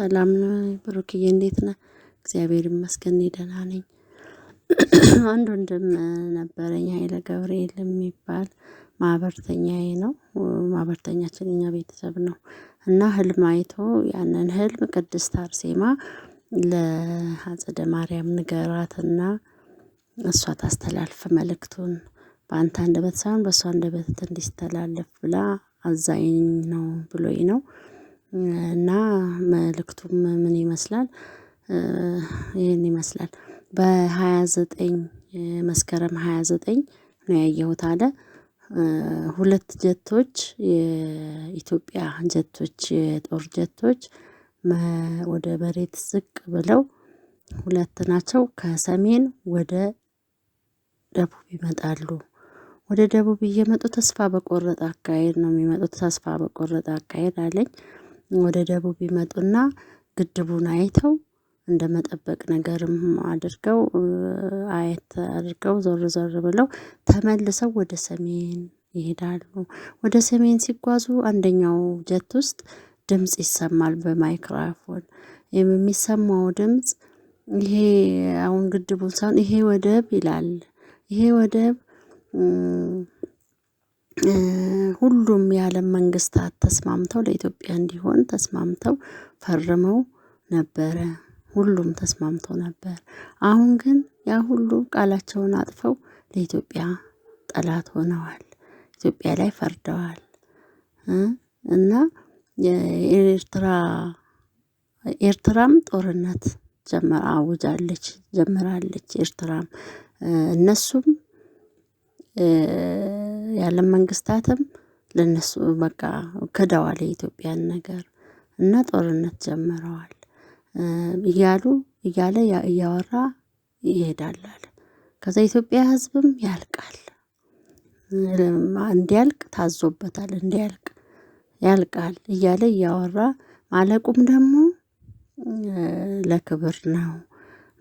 ሰላም ብሩክዬ እንዴት ነህ? እግዚአብሔር ይመስገን ደህና ነኝ። አንድ ወንድም ነበረኝ ኃይለ ገብርኤል የሚባል ማህበርተኛዬ ነው። ማህበርተኛችን እኛ ቤተሰብ ነው እና ህልም አይቶ ያንን ህልም ቅድስት አርሴማ ለአጸደ ማርያም ንገራትና እሷ ታስተላልፍ መልእክቱን በአንተ አንደበት ሳይሆን በእሷ አንደበት እንዲስተላለፍ ብላ አዛኝ ነው ብሎኝ ነው እና መልእክቱም ምን ይመስላል? ይህን ይመስላል በሃያ ዘጠኝ መስከረም ሃያ ዘጠኝ ነው ያየሁት አለ። ሁለት ጀቶች የኢትዮጵያ ጀቶች የጦር ጀቶች ወደ መሬት ዝቅ ብለው ሁለት ናቸው ከሰሜን ወደ ደቡብ ይመጣሉ። ወደ ደቡብ እየመጡ ተስፋ በቆረጠ አካሄድ ነው የሚመጡት ተስፋ በቆረጠ አካሄድ አለኝ ወደ ደቡብ ይመጡና ግድቡን አይተው እንደ መጠበቅ ነገርም አድርገው አየት አድርገው ዞር ዞር ብለው ተመልሰው ወደ ሰሜን ይሄዳሉ። ወደ ሰሜን ሲጓዙ አንደኛው ጀት ውስጥ ድምፅ ይሰማል በማይክሮፎን የሚሰማው ድምፅ ይሄ አሁን ግድቡን ሳይሆን ይሄ ወደብ ይላል። ይሄ ወደብ ሁሉም የአለም መንግስታት ተስማምተው ለኢትዮጵያ እንዲሆን ተስማምተው ፈርመው ነበረ ሁሉም ተስማምተው ነበር። አሁን ግን ያ ሁሉ ቃላቸውን አጥፈው ለኢትዮጵያ ጠላት ሆነዋል ኢትዮጵያ ላይ ፈርደዋል። እና የኤርትራ ኤርትራም ጦርነት ጀመር አውጃለች ጀምራለች ኤርትራም እነሱም የአለም መንግስታትም ለነሱ በቃ ክደዋል የኢትዮጵያን ነገር እና ጦርነት ጀምረዋል እያሉ እያለ እያወራ ይሄዳል አለ ከዛ የኢትዮጵያ ህዝብም ያልቃል። እንዲያልቅ ታዞበታል እንዲያልቅ ያልቃል እያለ እያወራ ማለቁም ደግሞ ለክብር ነው።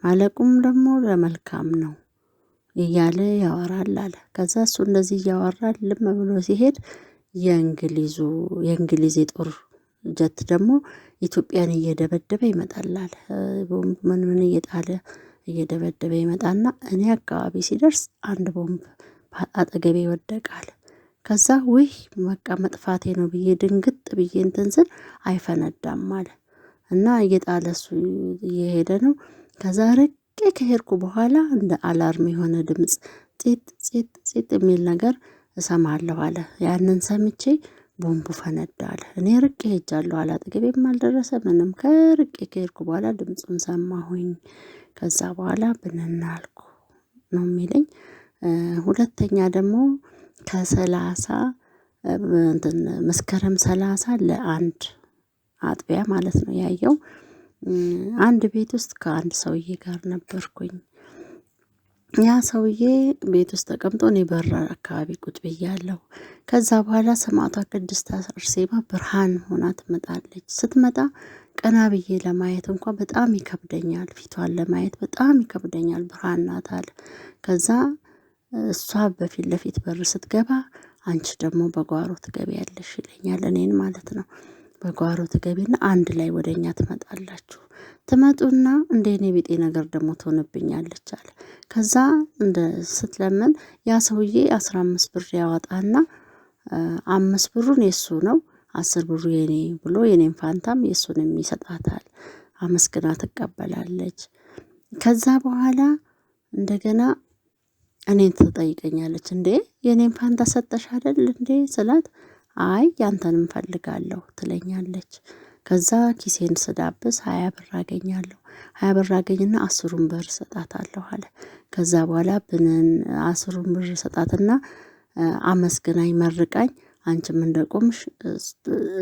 ማለቁም ደግሞ ለመልካም ነው እያለ ያወራል አለ። ከዛ እሱ እንደዚህ እያወራ ልም ብሎ ሲሄድ የእንግሊዙ የእንግሊዝ የጦር ጀት ደግሞ ኢትዮጵያን እየደበደበ ይመጣል አለ። ቦምብ ምን ምን እየጣለ እየደበደበ ይመጣና እኔ አካባቢ ሲደርስ አንድ ቦምብ አጠገቤ ይወደቃል። ከዛ ውህ በቃ መጥፋቴ ነው ብዬ ድንግጥ ብዬ እንትን ስል አይፈነዳም አለ እና እየጣለ እሱ እየሄደ ነው። ከዛ ርቅ ርቄ ከሄድኩ በኋላ እንደ አላርም የሆነ ድምጽ ጢጥ ጢጥ ጢጥ የሚል ነገር እሰማለሁ አለ። ያንን ሰምቼ ቦምቡ ፈነዳ አለ። እኔ ርቄ ሄጃለሁ አለ። አጠገቤም አልደረሰ ምንም። ከርቄ ከሄድኩ በኋላ ድምፁን ሰማሁኝ። ከዛ በኋላ ብንናልኩ ነው የሚለኝ። ሁለተኛ ደግሞ ከሰላሳ መስከረም ሰላሳ ለአንድ አጥቢያ ማለት ነው ያየው አንድ ቤት ውስጥ ከአንድ ሰውዬ ጋር ነበርኩኝ። ያ ሰውዬ ቤት ውስጥ ተቀምጦ እኔ በር አካባቢ ቁጭ ብያለሁ። ከዛ በኋላ ሰማዕቷ ቅድስት አርሴማ ብርሃን ሆና ትመጣለች። ስትመጣ ቀና ብዬ ለማየት እንኳ በጣም ይከብደኛል፣ ፊቷን ለማየት በጣም ይከብደኛል። ብርሃን ናት አለ። ከዛ እሷ በፊት ለፊት በር ስትገባ፣ አንቺ ደግሞ በጓሮ ትገቢያለሽ ይለኛል፣ እኔን ማለት ነው። በጓሮ ትገቢና አንድ ላይ ወደ እኛ ትመጣላችሁ። ትመጡና እንደ እኔ ቢጤ ነገር ደግሞ ትሆንብኛለች አለ። ከዛ እንደ ስትለምን ያ ሰውዬ አስራ አምስት ብር ያወጣና አምስት ብሩን የእሱ ነው አስር ብሩ የኔ ብሎ የኔን ፋንታም የእሱንም ይሰጣታል። አመስግና ትቀበላለች። ከዛ በኋላ እንደገና እኔን ትጠይቀኛለች። እንዴ የኔን ፋንታ ሰጠሽ አይደል እንዴ ስላት አይ ያንተንም ፈልጋለሁ ትለኛለች። ከዛ ኪሴን ስዳብስ ሀያ ብር አገኛለሁ። ሀያ ብር አገኝና አስሩን ብር ሰጣታለሁ አለ። ከዛ በኋላ ብንን አስሩን ብር ሰጣትና አመስግናኝ መርቃኝ አንቺም እንደቆምሽ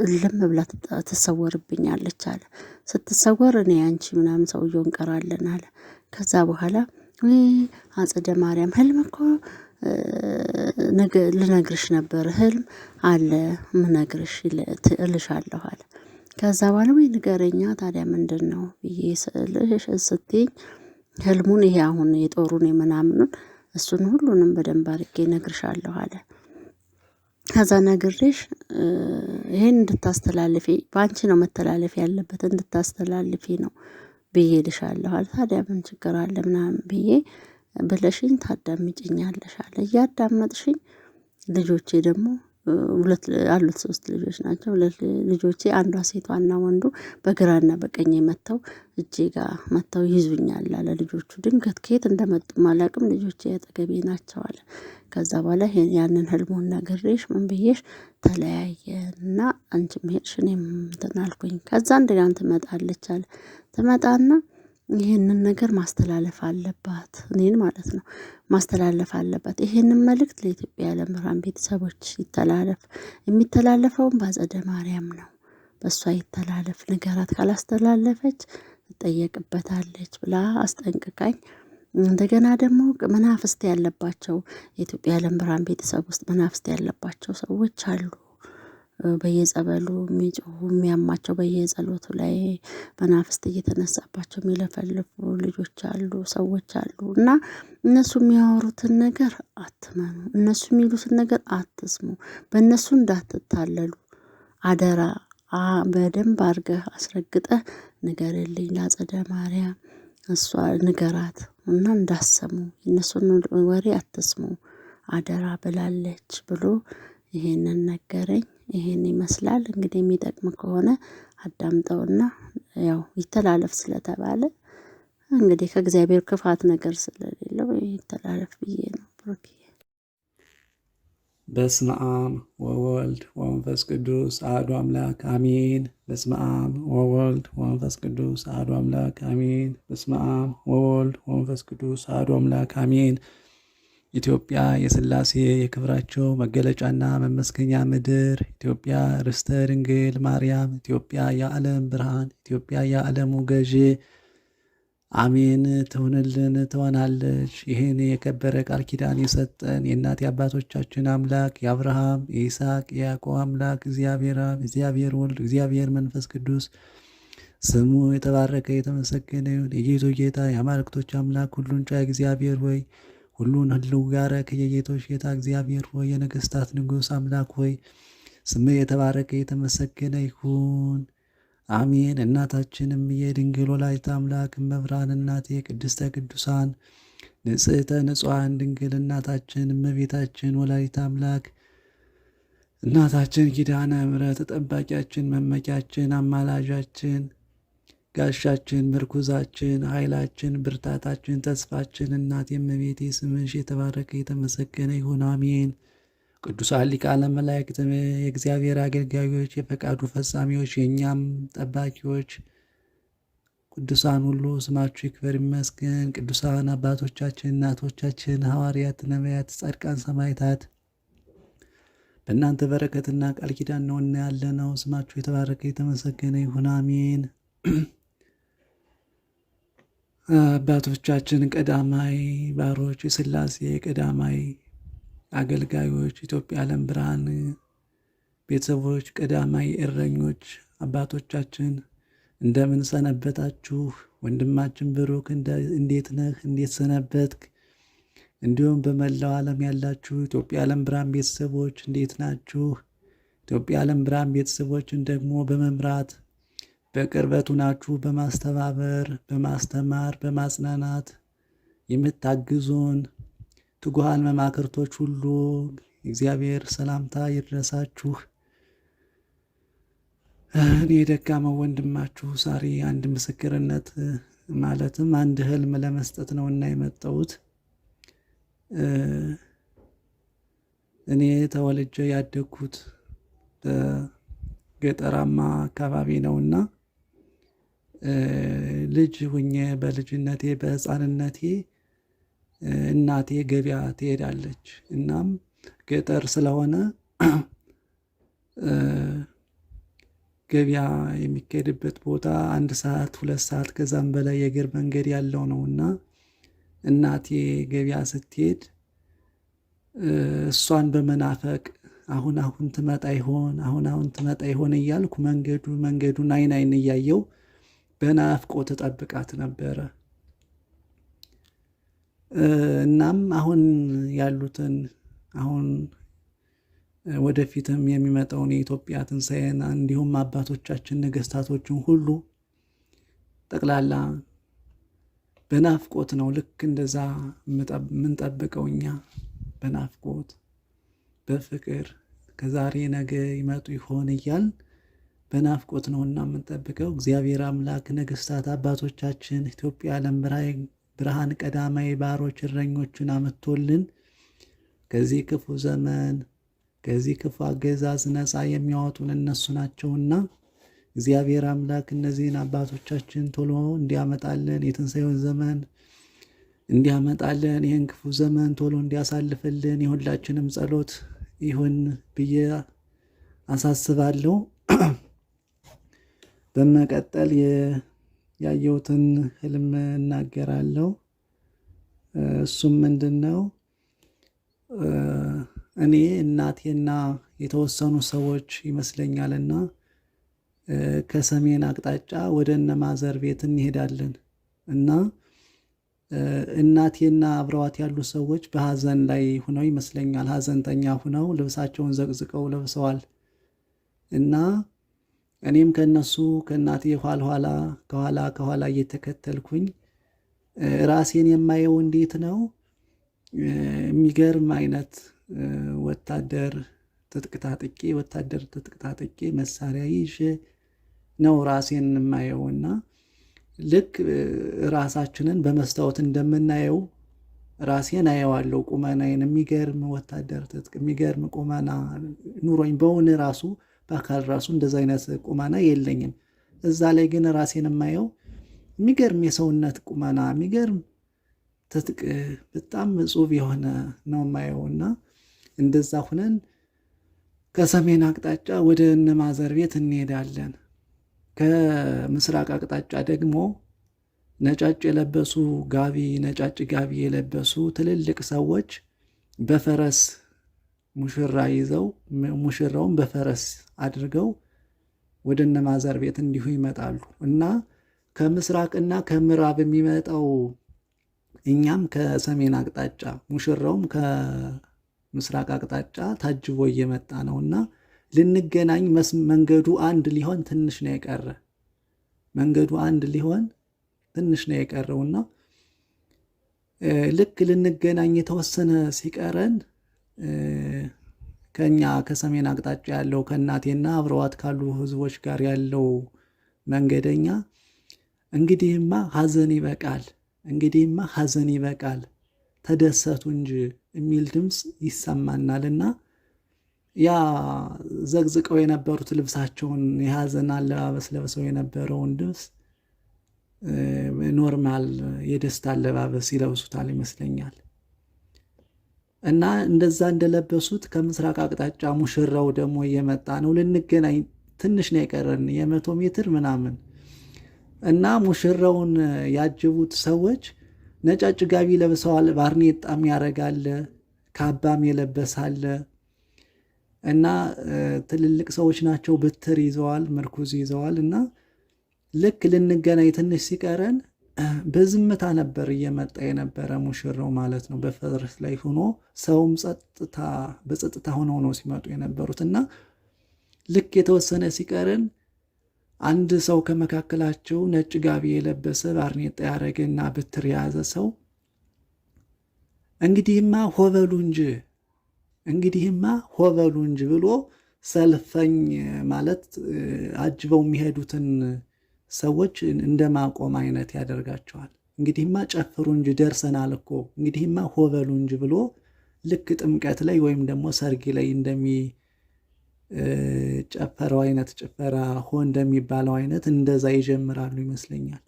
እልም ብላ ትሰወርብኛለች አለ። ስትሰወር እኔ አንቺ ምናምን ሰውየው እንቀራለን አለ። ከዛ በኋላ አጸደ ማርያም ህልም እኮ ልነግርሽ ነበር ህልም አለ ምነግርሽ እልሻለሁ አለ። ከዛ በኋላ ወይ ንገረኛ ታዲያ ምንድነው ብዬ ስልሽ ስትኝ ህልሙን ይሄ አሁን የጦሩን የምናምኑን እሱን ሁሉንም በደንብ አድርጌ እነግርሻለሁ አለ። ከዛ ነግሬሽ ይሄን እንድታስተላልፊ በአንቺ ነው መተላለፊ ያለበት እንድታስተላልፊ ነው ብዬ እልሻለሁ አለ። ታዲያ ምን ችግር አለ ምናምን ብዬ ብለሽኝ ታዳምጭኛለሽ አለ። እያዳመጥሽኝ ልጆቼ ደግሞ ሁለት አሉት ሶስት ልጆች ናቸው። ልጆቼ አንዷ ሴቷና ወንዱ በግራና በቀኝ መጥተው እጄ ጋር መጥተው ይዙኛል አለ። ልጆቹ ድንገት ከየት እንደመጡ ማላቅም ልጆቼ አጠገቤ ናቸው አለ። ከዛ በኋላ ያንን ህልሙን ነግሬሽ ምን ብዬሽ ተለያየና አንቺም ሄድሽ እኔም እንትን አልኩኝ። ከዛ እንደገና ትመጣለች አለ። ትመጣና ይህንን ነገር ማስተላለፍ አለባት እኔን ማለት ነው ማስተላለፍ አለባት። ይህንን መልእክት ለኢትዮጵያ የዓለም ብርሃን ቤተሰቦች ይተላለፍ። የሚተላለፈውም በአጸደ ማርያም ነው። በእሷ ይተላለፍ። ንገራት ካላስተላለፈች ትጠየቅበታለች ብላ አስጠንቅቃኝ እንደገና ደግሞ መናፍስት ያለባቸው የኢትዮጵያ የዓለም ብርሃን ቤተሰብ ውስጥ መናፍስት ያለባቸው ሰዎች አሉ በየጸበሉ የሚጮሁ የሚያማቸው በየጸሎቱ ላይ መናፍስት እየተነሳባቸው የሚለፈልፉ ልጆች አሉ፣ ሰዎች አሉ እና እነሱ የሚያወሩትን ነገር አትመኑ። እነሱ የሚሉትን ነገር አትስሙ። በእነሱ እንዳትታለሉ አደራ። በደንብ አድርገህ አስረግጠህ ንገርልኝ ለአጸደ ማርያም እሷ ንገራት እና እንዳሰሙ እነሱን ወሬ አትስሙ አደራ ብላለች ብሎ ይሄንን ነገረኝ። ይሄን ይመስላል እንግዲህ የሚጠቅም ከሆነ አዳምጠውና ያው ይተላለፍ ስለተባለ እንግዲህ ከእግዚአብሔር ክፋት ነገር ስለሌለው ይተላለፍ ብዬ ነው። ብሩክ በስመ አብ ወወልድ ወመንፈስ ቅዱስ አሐዱ አምላክ አሜን። በስመ አብ ወወልድ ወመንፈስ ቅዱስ አሐዱ አምላክ አሜን። በስመ አብ ወወልድ ወመንፈስ ቅዱስ አሐዱ አምላክ አሜን። ኢትዮጵያ የሥላሴ የክብራቸው መገለጫና መመስገኛ ምድር፣ ኢትዮጵያ ርስተ ድንግል ማርያም፣ ኢትዮጵያ የዓለም ብርሃን፣ ኢትዮጵያ የዓለሙ ገዢ አሜን ትሁንልን ትሆናለች። ይህን የከበረ ቃል ኪዳን የሰጠን የእናት የአባቶቻችን አምላክ የአብርሃም የይስሐቅ የያዕቆብ አምላክ እግዚአብሔር አብ፣ እግዚአብሔር ወልድ፣ እግዚአብሔር መንፈስ ቅዱስ ስሙ የተባረከ የተመሰገነ ይሁን። የጌቶ ጌታ የአማልክቶች አምላክ ሁሉን ቻይ እግዚአብሔር ሆይ ሁሉን ህልው ጋር ከየጌቶች ጌታ እግዚአብሔር ሆይ የነገስታት ንጉሥ አምላክ ሆይ ስም የተባረከ የተመሰገነ ይሁን አሜን። እናታችንም የድንግል ወላዲተ አምላክ እመብርሃን እናቴ ቅድስተ ቅዱሳን ንጽሕተ ንጹሐን ድንግል እናታችን እመቤታችን ወላዲተ አምላክ እናታችን ኪዳነ ምሕረት ተጠባቂያችን፣ መመኪያችን፣ አማላጃችን ጋሻችን፣ ምርኩዛችን፣ ኃይላችን፣ ብርታታችን፣ ተስፋችን እናት የመቤቴ ስምሽ የተባረከ የተመሰገነ ይሁን አሜን። ቅዱሳን ሊቃነ መላእክትም የእግዚአብሔር አገልጋዮች፣ የፈቃዱ ፈጻሚዎች፣ የእኛም ጠባቂዎች ቅዱሳን ሁሉ ስማችሁ ይክበር ይመስገን። ቅዱሳን አባቶቻችን፣ እናቶቻችን፣ ሐዋርያት፣ ነቢያት፣ ጻድቃን፣ ሰማዕታት በእናንተ በረከትና ቃል ኪዳን ነው እና ነው። ስማችሁ የተባረከ የተመሰገነ ይሁን አሜን። አባቶቻችን ቀዳማይ ባሮች ስላሴ ቀዳማይ አገልጋዮች ኢትዮጵያ ዓለም ብርሃን ቤተሰቦች ቀዳማይ እረኞች አባቶቻችን እንደምን ሰነበታችሁ? ወንድማችን ብሩክ እንዴት ነህ? እንዴት ሰነበትክ? እንዲሁም በመላው ዓለም ያላችሁ ኢትዮጵያ ዓለም ብርሃን ቤተሰቦች እንዴት ናችሁ? ኢትዮጵያ ዓለም ብርሃን ቤተሰቦችን ደግሞ በመምራት በቅርበቱ ናችሁ በማስተባበር በማስተማር በማጽናናት የምታግዙን ትጉሃን መማክርቶች ሁሉ እግዚአብሔር ሰላምታ ይድረሳችሁ። እኔ የደካመው ወንድማችሁ ዛሬ አንድ ምስክርነት ማለትም አንድ ህልም ለመስጠት ነው እና የመጣሁት። እኔ ተወልጄ ያደግኩት በገጠራማ አካባቢ ነውና ልጅ ሁኜ በልጅነቴ በህፃንነቴ እናቴ ገበያ ትሄዳለች። እናም ገጠር ስለሆነ ገበያ የሚካሄድበት ቦታ አንድ ሰዓት ሁለት ሰዓት ከዛም በላይ የእግር መንገድ ያለው ነው እና እናቴ ገበያ ስትሄድ እሷን በመናፈቅ አሁን አሁን ትመጣ ይሆን አሁን አሁን ትመጣ ይሆን እያልኩ መንገዱ መንገዱን አይን አይን እያየው በናፍቆት ጠብቃት ነበረ። እናም አሁን ያሉትን አሁን ወደፊትም የሚመጣውን የኢትዮጵያ ትንሣኤን እንዲሁም አባቶቻችን ነገስታቶችን ሁሉ ጠቅላላ በናፍቆት ነው። ልክ እንደዛ የምንጠብቀው እኛ በናፍቆት በፍቅር ከዛሬ ነገ ይመጡ ይሆን እያል በናፍቆት ነውና የምንጠብቀው። እግዚአብሔር አምላክ ነገስታት አባቶቻችን ኢትዮጵያ ለምራይ ብርሃን ቀዳማዊ ባሮች እረኞችን አመቶልን ከዚህ ክፉ ዘመን ከዚህ ክፉ አገዛዝ ነፃ የሚያወጡን እነሱ ናቸውና እግዚአብሔር አምላክ እነዚህን አባቶቻችን ቶሎ እንዲያመጣልን የትንሣኤውን ዘመን እንዲያመጣልን ይህን ክፉ ዘመን ቶሎ እንዲያሳልፍልን የሁላችንም ጸሎት ይሁን ብዬ አሳስባለሁ። በመቀጠል ያየሁትን ህልም እናገራለሁ። እሱም ምንድን ነው? እኔ እናቴና የተወሰኑ ሰዎች ይመስለኛልና ከሰሜን አቅጣጫ ወደ እነማዘር ቤት እንሄዳለን እና እናቴና አብረዋት ያሉ ሰዎች በሀዘን ላይ ሁነው ይመስለኛል። ሀዘንተኛ ሁነው ልብሳቸውን ዘቅዝቀው ለብሰዋል እና እኔም ከነሱ ከእናቴ ኋል ኋላ ከኋላ ከኋላ እየተከተልኩኝ ራሴን የማየው እንዴት ነው? የሚገርም አይነት ወታደር ትጥቅ ታጥቄ ወታደር ትጥቅ ታጥቄ መሳሪያ ይዤ ነው ራሴን የማየው እና ልክ ራሳችንን በመስታወት እንደምናየው ራሴን አየዋለው። ቁመናዬን የሚገርም ወታደር ትጥቅ፣ የሚገርም ቁመና ኑሮኝ በውን ራሱ በአካል ራሱ እንደዛ አይነት ቁመና የለኝም። እዛ ላይ ግን ራሴን የማየው የሚገርም የሰውነት ቁመና የሚገርም ትጥቅ በጣም እጹብ የሆነ ነው የማየው እና እንደዛ ሁነን ከሰሜን አቅጣጫ ወደ እነማዘር ቤት እንሄዳለን። ከምስራቅ አቅጣጫ ደግሞ ነጫጭ የለበሱ ጋቢ ነጫጭ ጋቢ የለበሱ ትልልቅ ሰዎች በፈረስ ሙሽራ ይዘው ሙሽራውን በፈረስ አድርገው ወደ እነማዘር ቤት እንዲሁ ይመጣሉ እና ከምስራቅና ከምዕራብ የሚመጣው እኛም ከሰሜን አቅጣጫ ሙሽራውም ከምስራቅ አቅጣጫ ታጅቦ እየመጣ እና ልንገናኝ መንገዱ አንድ ሊሆን ትንሽ ነው የቀረ። መንገዱ አንድ ሊሆን ትንሽ ነው እና ልክ ልንገናኝ የተወሰነ ሲቀረን ከኛ ከሰሜን አቅጣጫ ያለው ከእናቴና አብረዋት ካሉ ህዝቦች ጋር ያለው መንገደኛ እንግዲህማ ሐዘን ይበቃል፣ እንግዲህማ ሐዘን ይበቃል፣ ተደሰቱ እንጂ የሚል ድምፅ ይሰማናልና ያ ዘግዝቀው የነበሩት ልብሳቸውን የሐዘን አለባበስ ለብሰው የነበረውን ልብስ ኖርማል የደስታ አለባበስ ይለብሱታል ይመስለኛል። እና እንደዛ እንደለበሱት ከምስራቅ አቅጣጫ ሙሽራው ደግሞ እየመጣ ነው። ልንገናኝ ትንሽ ነው የቀረን የመቶ ሜትር ምናምን እና ሙሽራውን ያጀቡት ሰዎች ነጫጭ ጋቢ ለብሰዋል። ባርኔጣም ያደርጋል፣ ካባም የለበሳለ እና ትልልቅ ሰዎች ናቸው። ብትር ይዘዋል፣ ምርኩዝ ይዘዋል እና ልክ ልንገናኝ ትንሽ ሲቀረን በዝምታ ነበር እየመጣ የነበረ ሙሽራው ማለት ነው። በፈረስ ላይ ሆኖ ሰውም በጸጥታ ሆነው ነው ሲመጡ የነበሩት እና ልክ የተወሰነ ሲቀርን አንድ ሰው ከመካከላቸው ነጭ ጋቢ የለበሰ ባርኔጣ ያደረገ እና ብትር የያዘ ሰው እንግዲህማ ሆበሉ እንጂ እንግዲህማ ሆበሉ እንጂ ብሎ ሰልፈኝ ማለት አጅበው የሚሄዱትን ሰዎች እንደ ማቆም አይነት ያደርጋቸዋል። እንግዲህማ ጨፍሩ እንጂ ደርሰናል እኮ እንግዲህማ ሆበሉ እንጂ ብሎ ልክ ጥምቀት ላይ ወይም ደግሞ ሰርግ ላይ እንደሚጨፈረው አይነት ጭፈራ ሆ እንደሚባለው አይነት እንደዛ ይጀምራሉ ይመስለኛል።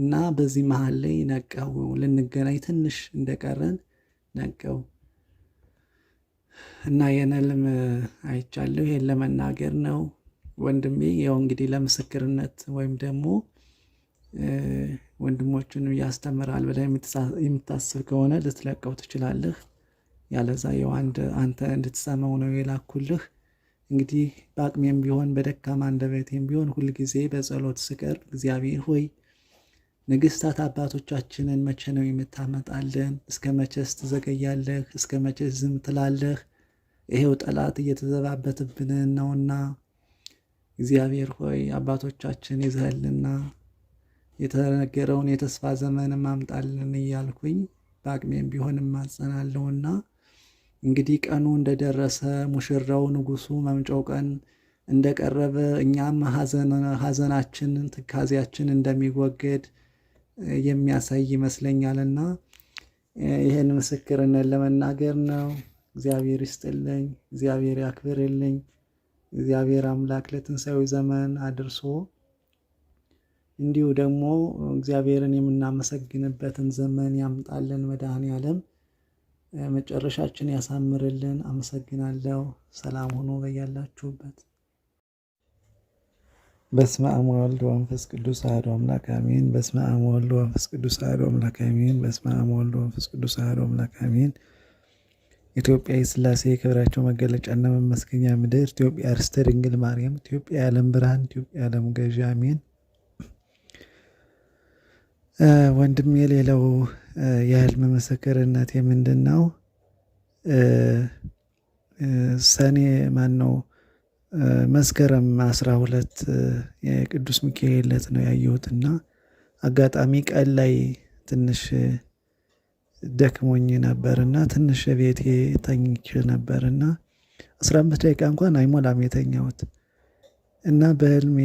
እና በዚህ መሀል ላይ ነቀው ልንገናኝ ትንሽ እንደቀረን ነቀው እና የነልም አይቻለሁ። ይሄን ለመናገር ነው። ወንድሜ ያው እንግዲህ ለምስክርነት ወይም ደግሞ ወንድሞቹን ያስተምራል ብለህ የምታስብ ከሆነ ልትለቀው ትችላለህ። ያለዛ ያው አንተ እንድትሰማው ነው የላኩልህ። እንግዲህ በአቅሜም ቢሆን በደካማ አንደበቴም ቢሆን ሁልጊዜ በጸሎት ስቅር እግዚአብሔር ሆይ ንግሥታት አባቶቻችንን መቼ ነው የምታመጣልን? እስከ መቼስ ትዘገያለህ? እስከ መቼስ ዝም ትላለህ? ይሄው ጠላት እየተዘባበትብን ነውና እግዚአብሔር ሆይ አባቶቻችን ይዘህልና የተነገረውን የተስፋ ዘመን ማምጣልን እያልኩኝ በአቅሜም ቢሆን እማጸናለሁና እንግዲህ ቀኑ እንደደረሰ ሙሽራው ንጉሱ መምጫው ቀን እንደቀረበ እኛም ሀዘናችን ትካዜያችን እንደሚወገድ የሚያሳይ ይመስለኛልና ይህን ምስክርነት ለመናገር ነው። እግዚአብሔር ይስጥልኝ፣ እግዚአብሔር ያክብርልኝ። እግዚአብሔር አምላክ ለትንሣኤው ዘመን አድርሶ እንዲሁ ደግሞ እግዚአብሔርን የምናመሰግንበትን ዘመን ያምጣልን። መድኃኔ ዓለም መጨረሻችን ያሳምርልን። አመሰግናለሁ። ሰላም ሆኖ በያላችሁበት። በስመ አብ ወወልድ ወመንፈስ ቅዱስ አሐዱ አምላክ አሜን። በስመ አብ ወወልድ ወመንፈስ ቅዱስ አሐዱ አምላክ አሜን። በስመ አብ ወወልድ ወመንፈስ ቅዱስ አሐዱ አምላክ አሜን። ኢትዮጵያ የስላሴ የክብራቸው መገለጫና መመስገኛ ምድር፣ ኢትዮጵያ ርስተ ድንግል ማርያም፣ ኢትዮጵያ የዓለም ብርሃን፣ ኢትዮጵያ የዓለም ገዢ አሜን። ወንድም የሌለው የህልም ምስክርነት የምንድን ነው? ሰኔ ማን ነው? መስከረም አስራ ሁለት የቅዱስ ሚካኤል ዕለት ነው ያየሁትና አጋጣሚ ቀን ላይ ትንሽ ደክሞኝ ነበርና ትንሽ ቤቴ ተኝች ነበርና አስራ አምስት ደቂቃ እንኳን አይሞላም የተኛሁት እና በህልሜ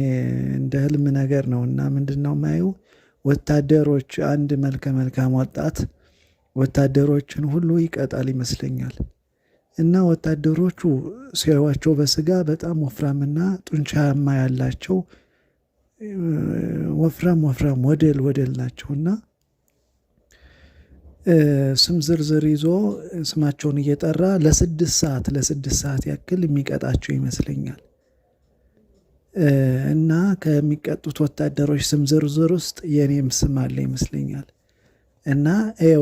እንደ ህልም ነገር ነው እና ምንድን ነው ወታደሮች አንድ መልከ መልካም ወጣት ወታደሮችን ሁሉ ይቀጣል ይመስለኛል እና ወታደሮቹ ሲያዩዋቸው በስጋ በጣም ወፍራምና ጡንቻማ ያላቸው ወፍራም ወፍራም ወደል ወደል ናቸውና ስም ዝርዝር ይዞ ስማቸውን እየጠራ ለስድስት ሰዓት ለስድስት ሰዓት ያክል የሚቀጣቸው ይመስለኛል እና ከሚቀጡት ወታደሮች ስም ዝርዝር ውስጥ የኔም ስም አለ ይመስለኛል እና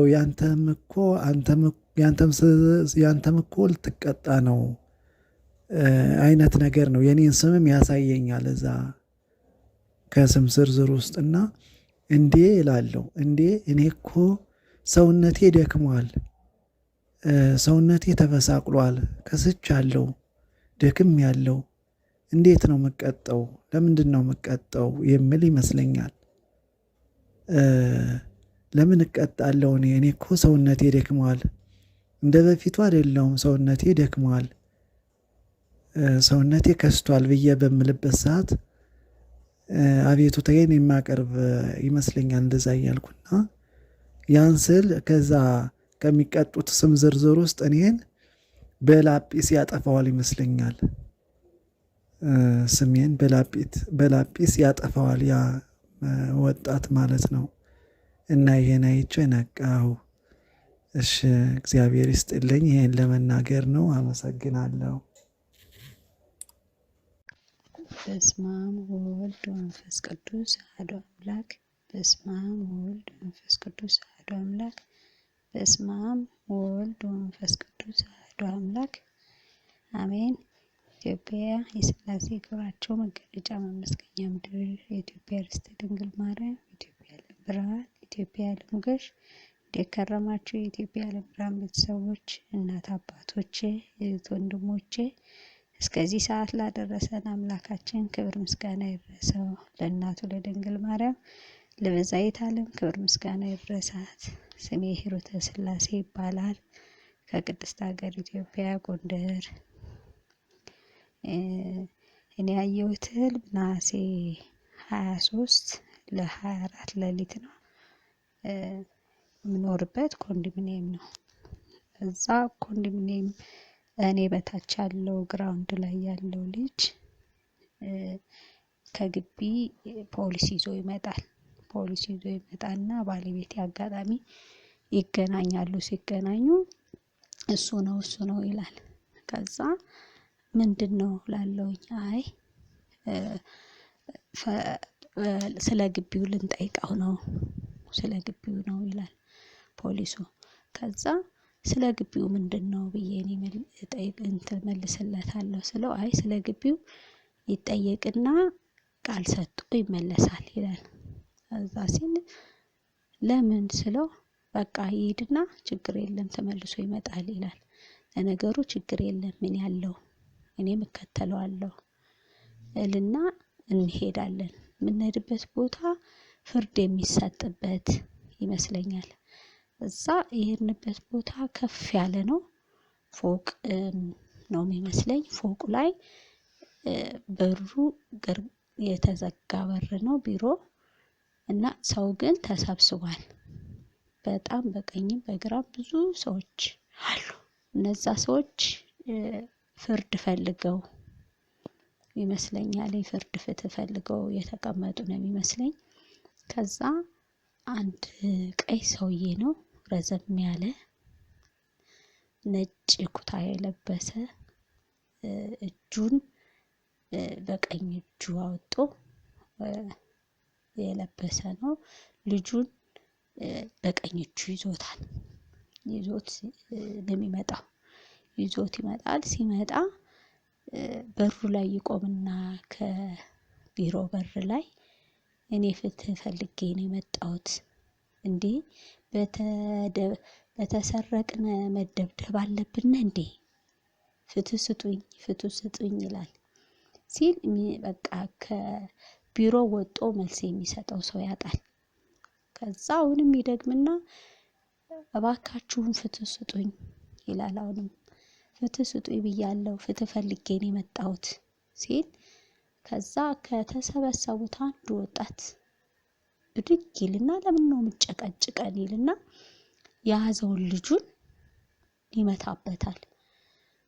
ው ያንተም እኮ ያንተም እኮ ልትቀጣ ነው አይነት ነገር ነው የእኔን ስምም ያሳየኛል እዛ ከስም ዝርዝር ውስጥ እና እንዴ እላለሁ እንዴ እኔ እኮ ሰውነቴ ደክሟል፣ ሰውነቴ ተበሳቅሏል፣ አለው ደክም ያለው እንዴት ነው የምቀጠው? ለምንድን ነው የምቀጠው? የሚል ይመስለኛል። ለምን እቀጣለው? እኔ እኔ እኮ ሰውነቴ ደክሟል፣ እንደ በፊቱ አደለውም ሰውነቴ ደክሟል፣ ሰውነቴ ከስቷል ብዬ በምልበት ሰዓት አቤቱታዬን የማቀርብ ይመስለኛል እንደዛ እያልኩና ያን ስል ከዛ ከሚቀጡት ስም ዝርዝር ውስጥ እኔን በላጲስ ያጠፋዋል ይመስለኛል። ስሜን በላጲስ ያጠፋዋል ያ ወጣት ማለት ነው። እና ይሄን አይቼ ነቃሁ። እሺ እግዚአብሔር ይስጥልኝ። ይሄን ለመናገር ነው። አመሰግናለሁ። በስመ አብ ወወልድ ወመንፈስ ቅዱስ አሐዱ አምላክ በስመ አብ ወወልድ መንፈስ ቅዱስ አሐዱ አምላክ። በስመ አብ ወወልድ መንፈስ ቅዱስ አሐዱ አምላክ አሜን። ኢትዮጵያ የሥላሴ ክብራቸው መገለጫ መመስገኛ ምድር፣ የኢትዮጵያ ርስተ ድንግል ማርያም፣ ኢትዮጵያ ለብርሃን፣ ኢትዮጵያ ለሙገሽ እንደከረማችሁ የኢትዮጵያ ለብርሃን ቤተሰቦች፣ እናት አባቶቼ፣ እህት ወንድሞቼ እስከዚህ ሰዓት ላደረሰን አምላካችን ክብር ምስጋና ይድረሰው። ለእናቱ ለድንግል ማርያም ለበዛይት ዓለም ክብር ምስጋና ይድረሳት። ስሜ ሂሩተ ስላሴ ይባላል። ከቅድስት ሀገር ኢትዮጵያ ጎንደር። እኔ ያየሁት ህልም ነሐሴ ሀያ ሶስት ለሀያ አራት ሌሊት ነው። የምኖርበት ኮንዶሚኒየም ነው። እዛ ኮንዶሚኒየም እኔ በታች ያለው ግራውንድ ላይ ያለው ልጅ ከግቢ ፖሊስ ይዞ ይመጣል። ፖሊስ ይዞ ይመጣና ባለቤት አጋጣሚ ይገናኛሉ። ሲገናኙ እሱ ነው እሱ ነው ይላል። ከዛ ምንድን ነው ላለውኝ አይ ስለ ግቢው ልንጠይቀው ነው ስለ ግቢው ነው ይላል ፖሊሱ። ከዛ ስለ ግቢው ምንድን ነው ብዬ መልስለታለሁ ስለው አይ ስለ ግቢው ይጠየቅና ቃል ሰጥቶ ይመለሳል ይላል። እዛ ሲል ለምን ስለው በቃ ይሄድና ችግር የለም ተመልሶ ይመጣል ይላል። ለነገሩ ችግር የለም ምን ያለው እኔም እከተለዋለሁ እልና እንሄዳለን። የምንሄድበት ቦታ ፍርድ የሚሰጥበት ይመስለኛል። እዛ የሄድንበት ቦታ ከፍ ያለ ነው። ፎቅ ነው የሚመስለኝ። ፎቁ ላይ በሩ የተዘጋ በር ነው ቢሮ እና ሰው ግን ተሰብስቧል። በጣም በቀኝም በግራም ብዙ ሰዎች አሉ። እነዛ ሰዎች ፍርድ ፈልገው ይመስለኛል የፍርድ ፍትህ ፈልገው የተቀመጡ ነው የሚመስለኝ። ከዛ አንድ ቀይ ሰውዬ ነው ረዘም ያለ ነጭ ኩታ የለበሰ እጁን በቀኝ እጁ አውጦ የለበሰ ነው። ልጁን በቀኝ እጁ ይዞታል። ይዞት ነው ይዞት ይመጣል። ሲመጣ በሩ ላይ ይቆምና ከቢሮ በር ላይ እኔ ፍትህ ፈልጌ ነው የመጣሁት። እንዴ በተሰረቅነ መደብደብ አለብን እንዴ? ፍትህ ስጡኝ፣ ፍትህ ስጡኝ ይላል ሲል በቃ ቢሮ ወጦ መልስ የሚሰጠው ሰው ያጣል። ከዛ አሁንም ይደግምና እባካችሁን ፍትህ ስጡኝ ይላል። አሁንም ፍትህ ስጡኝ ብያለው፣ ፍትህ ፈልጌ ነው የመጣሁት ሲል ከዛ ከተሰበሰቡት አንዱ ወጣት ብድግ ይልና ለምን ነው የምጨቀጭቀን ይልና የያዘውን ልጁን ይመታበታል።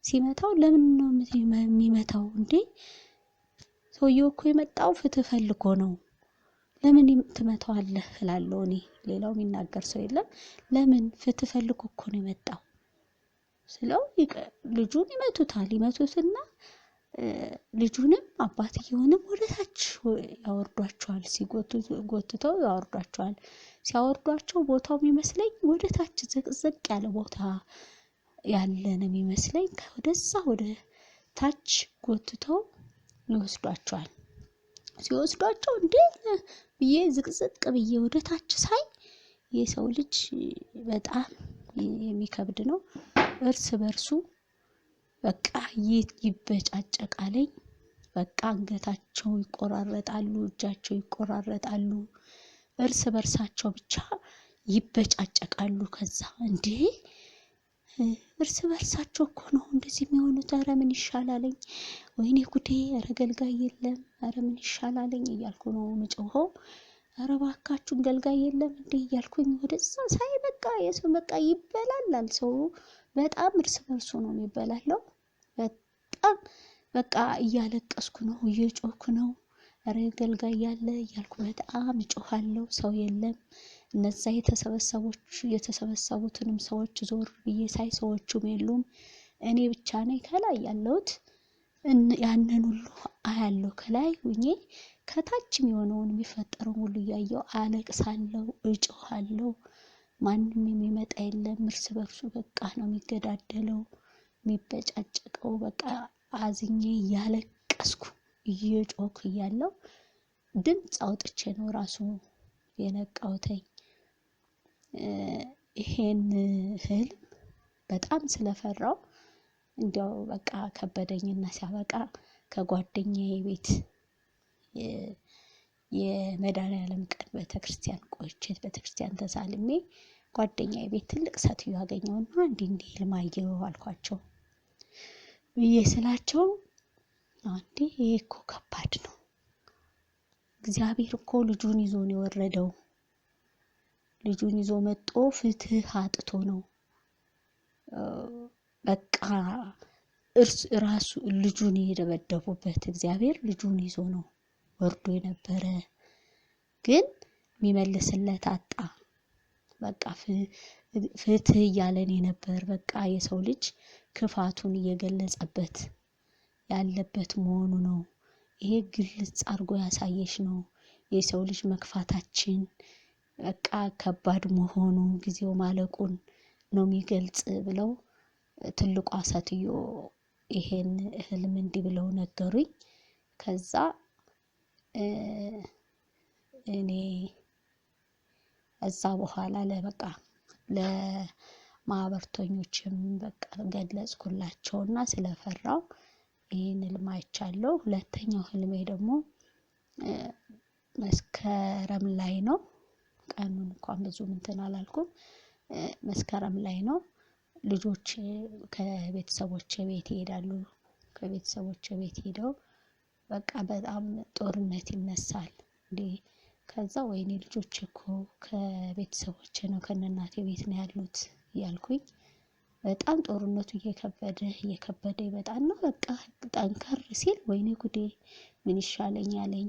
ሲመታው ለምን ነው የሚመታው እንዴ ሰውየው እኮ የመጣው ፍትህ ፈልጎ ነው ለምን ትመታዋለህ እላለሁ እኔ። ሌላው የሚናገር ሰው የለም። ለምን ፍትህ ፈልጎ እኮ ነው የመጣው ስለው ልጁን ይመቱታል። ይመቱትና ልጁንም አባትየውንም ወደ ታች ያወርዷቸዋል። ሲጎትተው ያወርዷቸዋል። ሲያወርዷቸው ቦታው የሚመስለኝ ወደ ታች ዘቅዘቅ ያለ ቦታ ያለ የሚመስለኝ። ከወደዛ ወደ ታች ጎትተው ይወስዷቸዋል። ሲወስዷቸው እንዴ ብዬ ዝቅዝቅ ብዬ ወደ ታች ሳይ የሰው ልጅ በጣም የሚከብድ ነው። እርስ በርሱ በቃ ይበጫጨቃለኝ። በቃ አንገታቸው ይቆራረጣሉ፣ እጃቸው ይቆራረጣሉ፣ እርስ በርሳቸው ብቻ ይበጫጨቃሉ። ከዛ እንዴ እርስ በርሳቸው እኮ ነው እንደዚህ የሚሆኑት። ኧረ ምን ይሻላለኝ፣ ወይኔ ጉዴ፣ ኧረ ገልጋይ የለም፣ ኧረ ምን ይሻላለኝ እያልኩ ነው ምጮኸው። ኧረ ባካችሁን ገልጋይ የለም እንዴ እያልኩኝ ወደዛ ሳይ በቃ የሰው በቃ ይበላላል ሰው በጣም እርስ በርሱ ነው የሚበላለው። በጣም በቃ እያለቀስኩ ነው እየጮኩ ነው። ኧረ ገልጋይ ያለ እያልኩ በጣም እጮኻለሁ። ሰው የለም እነዛ የተሰበሰቦች የተሰበሰቡትንም ሰዎች ዞር ብዬ ሳይ ሰዎቹም የሉም፣ እኔ ብቻ ነኝ ከላይ ያለሁት። ያንን ሁሉ አያለሁ ከላይ ሁኜ፣ ከታችም የሆነውን የሚፈጠረውን ሁሉ እያየው አለቅሳለሁ፣ እጮኋለሁ። ማንም የሚመጣ የለም። እርስ በርሱ በቃ ነው የሚገዳደለው፣ የሚበጫጨቀው። በቃ አዝኜ እያለቀስኩ እየጮኩ እያለው ድምፅ አውጥቼ ነው ራሱ የነቃውተኝ። ይሄን ህልም በጣም ስለፈራው እንዲያው በቃ ከበደኝና ሲያበቃ ከጓደኛዬ ቤት የመድኃኔዓለም ቀን ቤተክርስቲያን ቆይቼ ቤተክርስቲያን ተሳልሜ ጓደኛዬ ቤት ትልቅ ሴትዮ አገኘውና እንዲህ እንዲህ ህልም አየሁ አልኳቸው ብዬ ስላቸው አንዴ ይሄ እኮ ከባድ ነው። እግዚአብሔር እኮ ልጁን ይዞ ነው የወረደው ልጁን ይዞ መጦ ፍትህ አጥቶ ነው። በቃ እርስ ራሱ ልጁን የደበደቡበት እግዚአብሔር ልጁን ይዞ ነው ወርዶ የነበረ ግን የሚመልስለት አጣ። በቃ ፍትህ እያለን የነበር በቃ የሰው ልጅ ክፋቱን እየገለጸበት ያለበት መሆኑ ነው። ይሄ ግልጽ አድርጎ ያሳየች ነው የሰው ልጅ መክፋታችን በቃ ከባድ መሆኑ ጊዜው ማለቁን ነው የሚገልጽ ብለው ትልቋ ሴትዮ ይሄን ህልም እንዲህ ብለው ነገሩኝ። ከዛ እኔ እዛ በኋላ ለበቃ ለማህበርተኞችም በቃ ገለጽኩላቸውና ስለፈራው ይህን ህልም አይቻለሁ። ሁለተኛው ህልሜ ደግሞ መስከረም ላይ ነው። ቀኑን እንኳን ብዙም እንትን አላልኩም። መስከረም ላይ ነው። ልጆች ከቤተሰቦች ቤት ይሄዳሉ። ከቤተሰቦች ቤት ሄደው በቃ በጣም ጦርነት ይነሳል። እንዴ ከዛ ወይኔ ልጆች እኮ ከቤተሰቦች ነው ከነናቴ ቤት ነው ያሉት እያልኩኝ በጣም ጦርነቱ እየከበደ እየከበደ ይመጣል ነው በቃ ጠንከር ሲል ወይኔ ጉዴ ምን ይሻለኛለኝ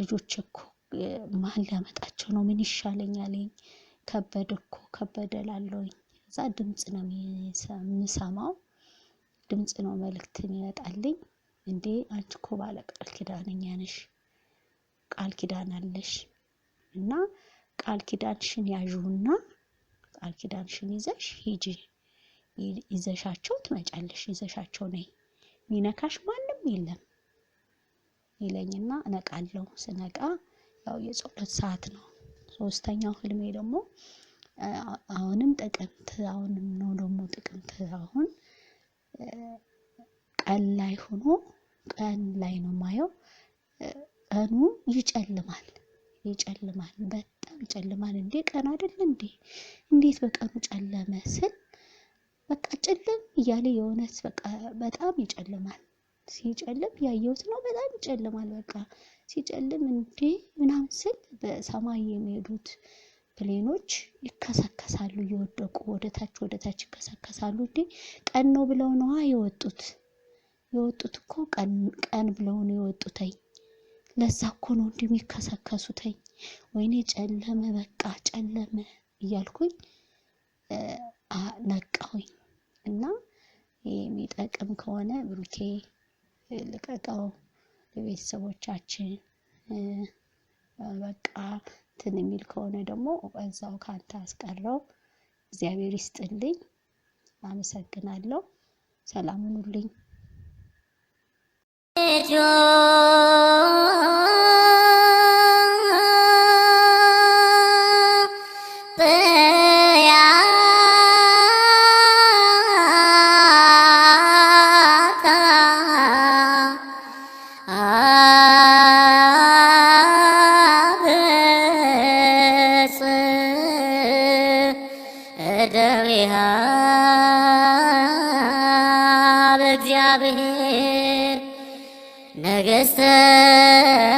ልጆች እኮ ማን ሊያመጣቸው ነው? ምን ይሻለኛል? ከበደ እኮ ከበደ ላለውኝ እዛ ድምፅ ነው የምሰማው። ድምፅ ነው መልእክትን ይመጣልኝ እንዴ አንቺ እኮ ባለ ቃል ኪዳነኛ ነሽ፣ ቃል ኪዳን አለሽ እና ቃል ኪዳንሽን ያዥውና ቃል ኪዳንሽን ይዘሽ ሂጂ፣ ይዘሻቸው ትመጫለሽ፣ ይዘሻቸው ነይ፣ ሚነካሽ ማንም የለም ይለኝና እነቃለሁ። ስነቃ ያው የጸሎት ሰዓት ነው። ሶስተኛው ህልሜ ደግሞ አሁንም ጥቅምት አሁንም ነው ደግሞ ጥቅምት አሁን ቀን ላይ ሆኖ ቀን ላይ ነው ማየው። ቀኑ ይጨልማል ይጨልማል፣ በጣም ይጨልማል። እንዴ ቀን አይደል እንዴ? እንዴት በቀኑ ጨለመ ስል በቃ ጨለም እያለ የእውነት በቃ በጣም ይጨልማል። ሲጨልም ያየሁት ነው። በጣም ይጨልማል በቃ ሲጨልም እንዴ ምናምን ስል በሰማይ የሚሄዱት ፕሌኖች ይከሰከሳሉ፣ እየወደቁ ወደታች ወደታች ይከሰከሳሉ። እንዴ ቀን ነው ብለው ነዋ የወጡት የወጡት እኮ ቀን ብለው ነው የወጡተኝ። ለዛ እኮ ነው እንዲህ የሚከሰከሱተኝ። ወይኔ ጨለመ፣ በቃ ጨለመ እያልኩኝ ነቃሁኝ። እና የሚጠቅም ከሆነ ብሩኬ ልቀቀው። ለቤተሰቦቻችን በቃ እንትን የሚል ከሆነ ደግሞ እዛው ካንተ አስቀረው። እግዚአብሔር ይስጥልኝ። አመሰግናለሁ። ሰላም ሁኑልኝ። በእግዚአብሔር ነገሥተ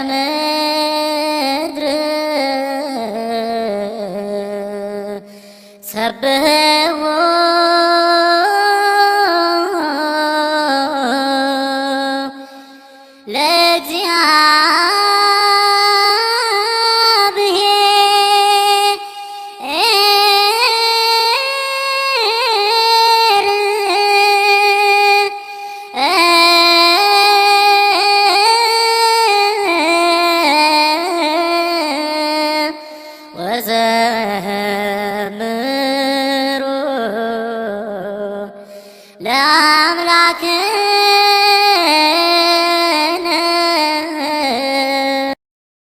ምድር ሰብሕዎ